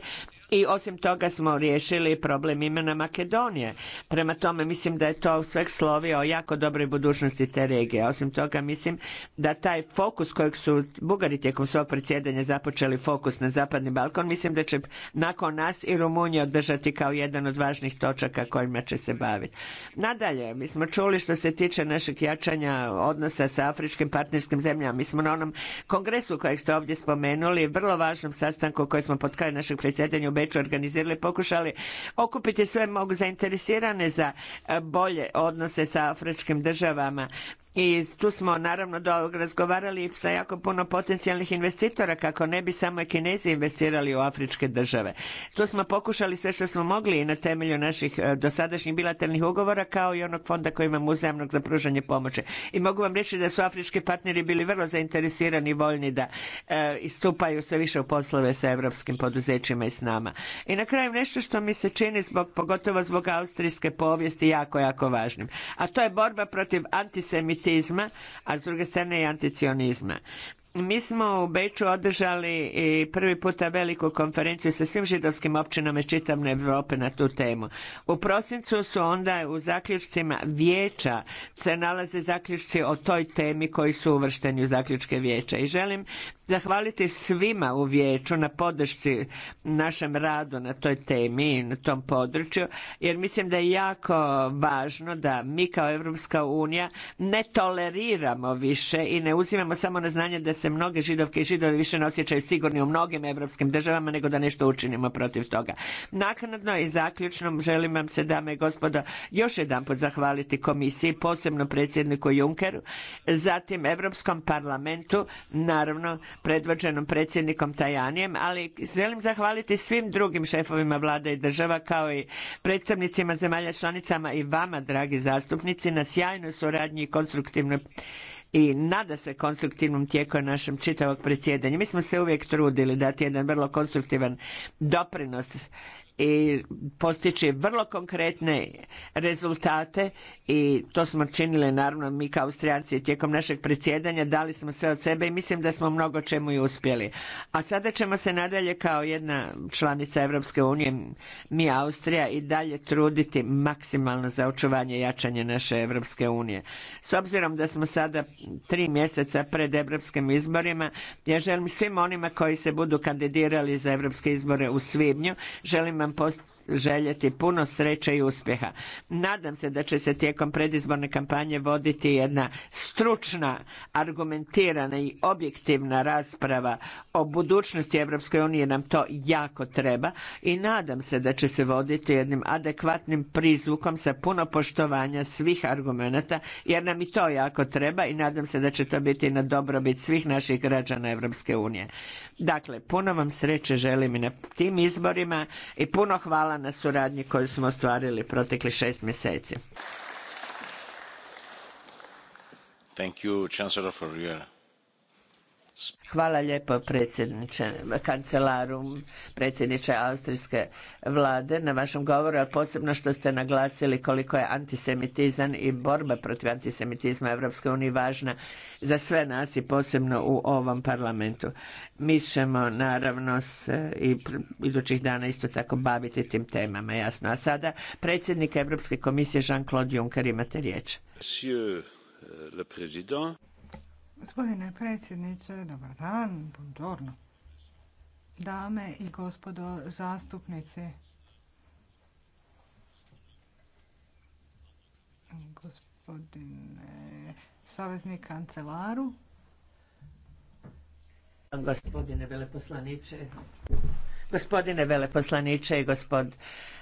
i osim toga smo riješili problem imena Makedonije. Prema tome mislim da je to sveg slovi o jako dobroj budućnosti te regije. Osim toga mislim da taj fokus kojeg su Bugari tijekom svog predsjedanja započeli fokus na Zapadni Balkon, mislim da će nakon nas i Rumunija održati kao jedan od važnih točaka kojima će se baviti. Nadalje, mi smo čuli što se tiče našeg jačanja odnosa sa afričkim partnerskim zemljama. Mi smo na onom kongresu kojeg ste ovdje spomenuli, vrlo važnom sastanku koji smo pod kraj našeg predsjedanja u Beču organizirali, pokušali okupiti sve mogu zainteresirane za e, bolje odnose sa afričkim državama i tu smo naravno razgovarali sa jako puno potencijalnih investitora kako ne bi samo Kinezi investirali u afričke države. Tu smo pokušali sve što smo mogli i na temelju naših e, dosadašnjih bilateralnih ugovora kao i onog fonda koji imamo uzajamnog za pružanje pomoći. I mogu vam reći da su afrički partneri bili vrlo zainteresirani i voljni da e, istupaju sve više u poslove sa europskim poduzećima i s nama. I na kraju nešto što mi se čini zbog, pogotovo zbog austrijske povijesti jako, jako važnim. A to je borba protiv antisemitizma antisemitizma, a s druge strane i anticionizma. Mi smo u Beču održali i prvi puta veliku konferenciju sa svim židovskim općinama iz čitavne Europe na tu temu. U prosincu su onda u zaključcima vijeća se nalaze zaključci o toj temi koji su uvršteni u zaključke vijeća i želim zahvaliti svima u vijeću na podršci našem radu na toj temi i na tom području jer mislim da je jako važno da mi kao Europska unija ne toleriramo više i ne uzimamo samo na znanje da se mnoge židovke i židovi više ne osjećaju sigurni u mnogim europskim državama nego da nešto učinimo protiv toga. Naknadno i zaključno želim vam se, dame i gospodo, još jedanput zahvaliti komisiji, posebno predsjedniku Junkeru, zatim Europskom parlamentu, naravno predvođenom predsjednikom Tajanijem, ali želim zahvaliti svim drugim šefovima vlada i država kao i predstavnicima zemalja članicama i vama, dragi zastupnici, na sjajnoj suradnji i konstruktivnoj i nada se konstruktivnom tijeku našem čitavog predsjedanja. Mi smo se uvijek trudili dati jedan vrlo konstruktivan doprinos i postići vrlo konkretne rezultate i to smo činili naravno mi kao Austrijanci tijekom našeg predsjedanja dali smo sve od sebe i mislim da smo mnogo čemu i uspjeli. A sada ćemo se nadalje kao jedna članica Europske unije, mi Austrija i dalje truditi maksimalno za očuvanje i jačanje naše Europske unije. S obzirom da smo sada tri mjeseca pred europskim izborima, ja želim svim onima koji se budu kandidirali za europske izbore u svibnju, želim vam post željeti puno sreće i uspjeha. Nadam se da će se tijekom predizborne kampanje voditi jedna stručna, argumentirana i objektivna rasprava o budućnosti Europske unije nam to jako treba i nadam se da će se voditi jednim adekvatnim prizvukom sa puno poštovanja svih argumenata jer nam i to jako treba i nadam se da će to biti na dobrobit svih naših građana Europske unije. Dakle, puno vam sreće želim i na tim izborima i puno hvala na suradnji koju smo ostvarili protekli šest mjeseci. Thank you, Chancellor, Hvala lijepo predsjedniče, kancelarum, predsjedniče austrijske vlade na vašem govoru, a posebno što ste naglasili koliko je antisemitizam i borba protiv antisemitizma Europske unije važna za sve nas i posebno u ovom parlamentu. Mi ćemo naravno se i idućih dana isto tako baviti tim temama, jasno. A sada predsjednik Europske komisije Jean-Claude Juncker imate riječ. Monsieur euh, le président. Gospodine predsjedniče, dobar dan, buongiorno. Dame i gospodo zastupnici, gospodine savezni kancelaru. Gospodine veleposlaniče, Gospodine veleposlaniče i gospod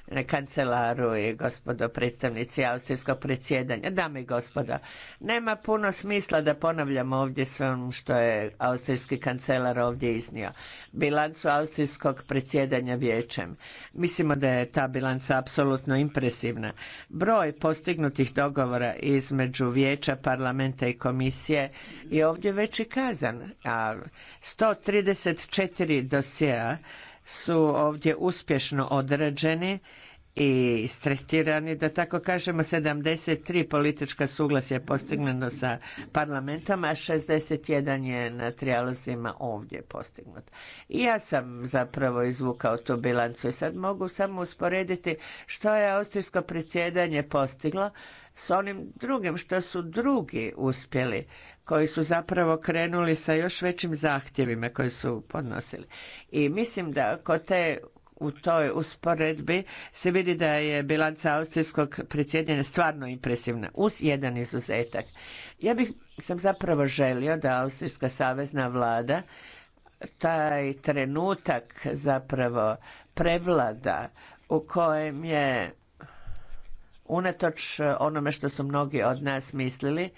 e, kancelaru i gospodo predstavnici austrijskog predsjedanja, dame i gospoda, nema puno smisla da ponavljamo ovdje sve ono što je austrijski kancelar ovdje iznio. Bilancu austrijskog predsjedanja vijećem. Mislimo da je ta bilanca apsolutno impresivna. Broj postignutih dogovora između vijeća, parlamenta i komisije je ovdje već i kazan. A 134 dosjea su ovdje uspješno određeni i stretirani da tako kažemo, 73 politička suglasja je postignuto sa parlamentom, a 61 je na trijalozima ovdje postignut. I ja sam zapravo izvukao tu bilancu i sad mogu samo usporediti što je austrijsko predsjedanje postiglo s onim drugim što su drugi uspjeli koji su zapravo krenuli sa još većim zahtjevima koje su podnosili. I mislim da kod te u toj usporedbi se vidi da je bilanca austrijskog predsjedanja stvarno impresivna, uz jedan izuzetak. Ja bih sam zapravo želio da austrijska savezna vlada taj trenutak zapravo prevlada u kojem je unatoč onome što su mnogi od nas mislili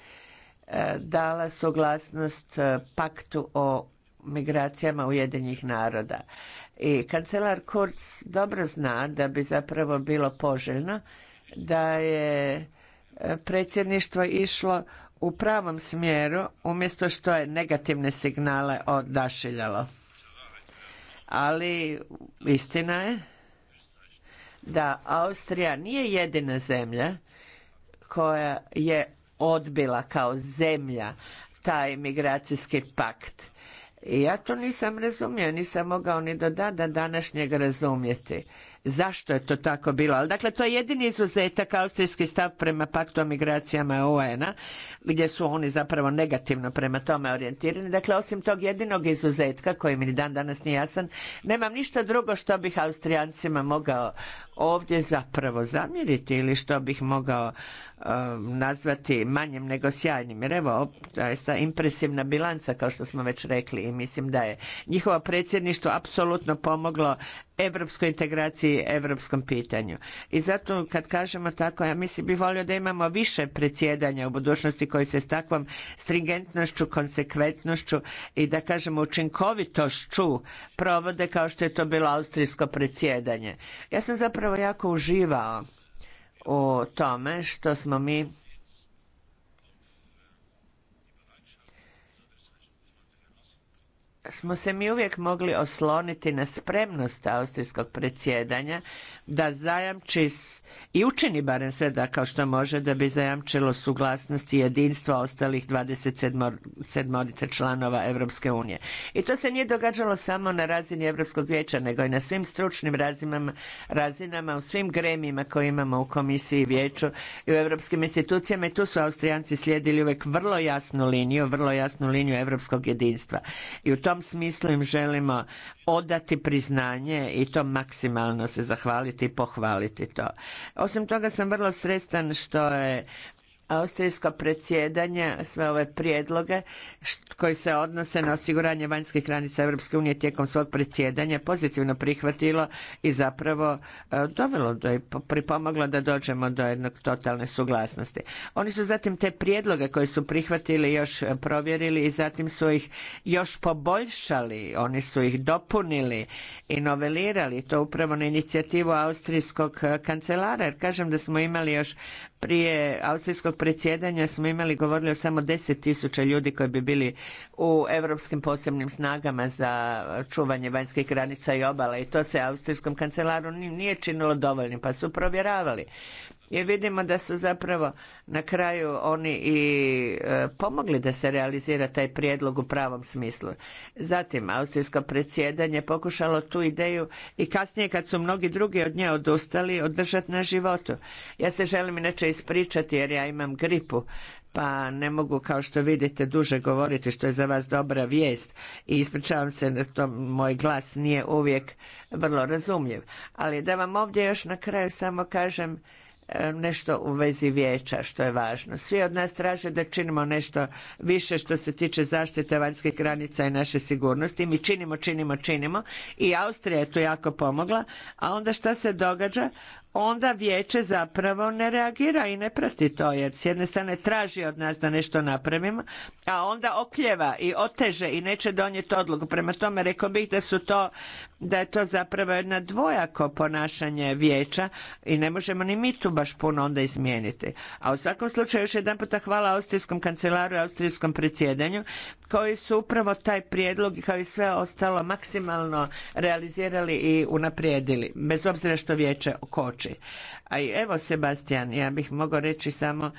dala suglasnost e, paktu o migracijama Ujedinjih naroda. I kancelar Kurz dobro zna da bi zapravo bilo poželjno da je e, predsjedništvo išlo u pravom smjeru umjesto što je negativne signale odašiljalo. Ali istina je da Austrija nije jedina zemlja koja je odbila kao zemlja taj migracijski pakt. I ja to nisam razumio, nisam mogao ni do dana današnjeg razumjeti. Zašto je to tako bilo? Ali dakle, to je jedini izuzetak austrijski stav prema paktu o migracijama UN-a, gdje su oni zapravo negativno prema tome orijentirani. Dakle, osim tog jedinog izuzetka, koji mi dan danas nije jasan, nemam ništa drugo što bih Austrijancima mogao ovdje zapravo zamjeriti ili što bih mogao Um, nazvati manjim nego sjajnim. Jer evo, zaista impresivna bilanca, kao što smo već rekli, i mislim da je njihovo predsjedništvo apsolutno pomoglo europskoj integraciji, europskom pitanju. I zato kad kažemo tako, ja mislim bih volio da imamo više predsjedanja u budućnosti koji se s takvom stringentnošću, konsekventnošću i da kažemo učinkovitošću provode kao što je to bilo austrijsko predsjedanje. Ja sam zapravo jako uživao o tome što smo mi smo se mi uvijek mogli osloniti na spremnost austrijskog predsjedanja da zajamči i učini barem sve da kao što može da bi zajamčilo suglasnost i jedinstvo ostalih 27 sedmorice članova Europske unije. I to se nije događalo samo na razini Europskog vijeća, nego i na svim stručnim razinama, razinama u svim gremijima koje imamo u komisiji vijeću i u europskim institucijama i tu su Austrijanci slijedili uvijek vrlo jasnu liniju, vrlo jasnu liniju europskog jedinstva. I u tom tom smislu im želimo odati priznanje i to maksimalno se zahvaliti i pohvaliti to. Osim toga sam vrlo sretan što je austrijsko predsjedanje sve ove prijedloge koji se odnose na osiguranje vanjskih granica Europske unije tijekom svog predsjedanja pozitivno prihvatilo i zapravo e, dovelo do i pripomoglo da dođemo do jednog totalne suglasnosti. Oni su zatim te prijedloge koje su prihvatili još e, provjerili i zatim su ih još poboljšali, oni su ih dopunili i novelirali to upravo na inicijativu austrijskog e, kancelara jer kažem da smo imali još prije austrijskog predsjedanja smo imali govorili o samo 10.000 ljudi koji bi bili u europskim posebnim snagama za čuvanje vanjskih granica i obala i to se austrijskom kancelaru nije činilo dovoljnim pa su provjeravali jer vidimo da su zapravo na kraju oni i e, pomogli da se realizira taj prijedlog u pravom smislu. Zatim, austrijsko predsjedanje pokušalo tu ideju i kasnije kad su mnogi drugi od nje odustali, održati na životu. Ja se želim inače ispričati jer ja imam gripu pa ne mogu kao što vidite duže govoriti što je za vas dobra vijest i ispričavam se da to moj glas nije uvijek vrlo razumljiv. Ali da vam ovdje još na kraju samo kažem nešto u vezi vijeća što je važno. Svi od nas traže da činimo nešto više što se tiče zaštite vanjskih granica i naše sigurnosti. Mi činimo, činimo, činimo i Austrija je tu jako pomogla, a onda šta se događa? onda vijeće zapravo ne reagira i ne prati to jer s jedne strane traži od nas da nešto napravimo, a onda okljeva i oteže i neće donijeti odluku. Prema tome rekao bih da su to, da je to zapravo jedna dvojako ponašanje vijeća i ne možemo ni mi tu baš puno onda izmijeniti. A u svakom slučaju još jedan puta hvala Austrijskom kancelaru i Austrijskom predsjedanju koji su upravo taj prijedlog kao i sve ostalo maksimalno realizirali i unaprijedili bez obzira što vijeće koče. A i evo Sebastian, ja bih mogao reći samo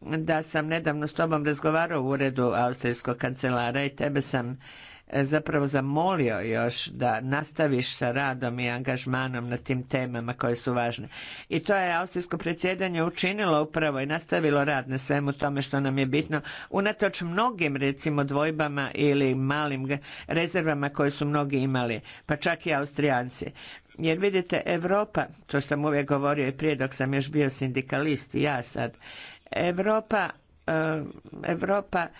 da sam nedavno s tobom razgovarao u uredu austrijskog kancelara i tebe sam e, zapravo zamolio još da nastaviš sa radom i angažmanom na tim temama koje su važne. I to je austrijsko predsjedanje učinilo upravo i nastavilo rad na svemu tome što nam je bitno, unatoč mnogim recimo dvojbama ili malim rezervama koje su mnogi imali, pa čak i austrijanci. Jer vidite, Europa, to što sam uvijek govorio i prije dok sam još bio sindikalist i ja sad, Europa Europa eh,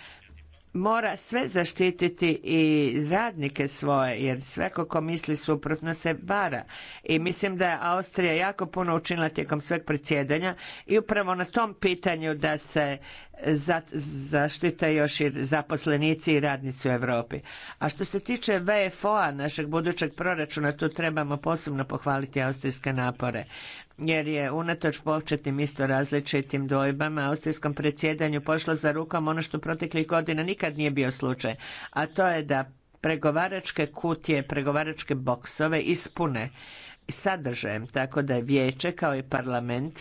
mora sve zaštititi i radnike svoje, jer svako ko misli suprotno se vara. I mislim da je Austrija jako puno učinila tijekom sveg predsjedanja i upravo na tom pitanju da se zaštite još i zaposlenici i radnici u Europi. A što se tiče VFO-a, našeg budućeg proračuna, tu trebamo posebno pohvaliti austrijske napore jer je unatoč početnim isto različitim dojbama austrijskom predsjedanju pošlo za rukom ono što proteklih godina nikad nije bio slučaj, a to je da pregovaračke kutije, pregovaračke boksove ispune sadržajem, tako da je vijeće kao i parlament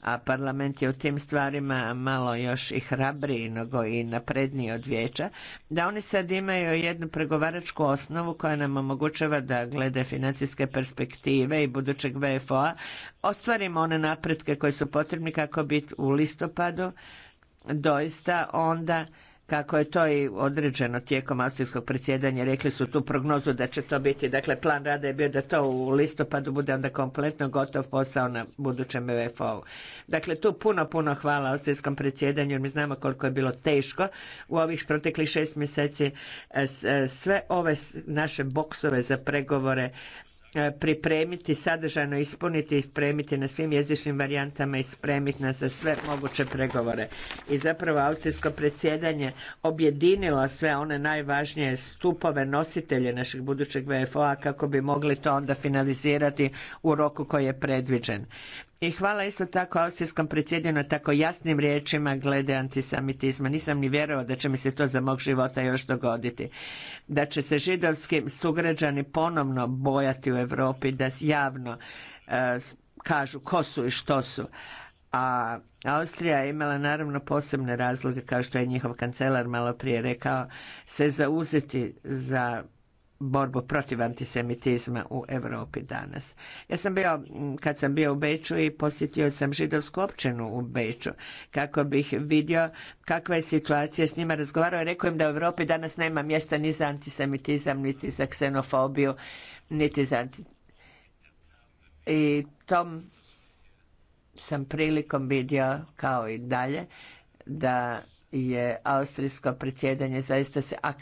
a parlament je u tim stvarima malo još i hrabriji nego i napredniji od vijeća, da oni sad imaju jednu pregovaračku osnovu koja nam omogućava da glede financijske perspektive i budućeg VFO-a ostvarimo one napretke koji su potrebni kako bi u listopadu doista onda kako je to i određeno tijekom austrijskog predsjedanja, rekli su tu prognozu da će to biti, dakle plan rada je bio da to u listopadu bude onda kompletno gotov posao na budućem UFO-u. Dakle, tu puno, puno hvala austrijskom predsjedanju, jer mi znamo koliko je bilo teško u ovih proteklih šest mjeseci e, e, sve ove naše boksove za pregovore E, pripremiti, sadržajno ispuniti i spremiti na svim jezičnim varijantama i spremiti nas za sve moguće pregovore. I zapravo austrijsko predsjedanje objedinilo sve one najvažnije stupove nositelje našeg budućeg VFO-a kako bi mogli to onda finalizirati u roku koji je predviđen. I hvala isto tako austrijskom predsjedanju tako jasnim riječima glede antisemitizma. Nisam ni vjerovao da će mi se to za mog života još dogoditi. Da će se židovski sugrađani ponovno bojati u Europi da javno e, kažu ko su i što su. A Austrija je imala naravno posebne razloge, kao što je njihov kancelar malo prije rekao, se zauzeti za borbu protiv antisemitizma u Europi danas. Ja sam bio, kad sam bio u Beču i posjetio sam židovsku općinu u Beču kako bih vidio kakva je situacija s njima razgovarao i rekao im da u Europi danas nema mjesta ni za antisemitizam, niti za ksenofobiju, niti za i tom sam prilikom vidio kao i dalje da je austrijsko predsjedanje zaista se aktivno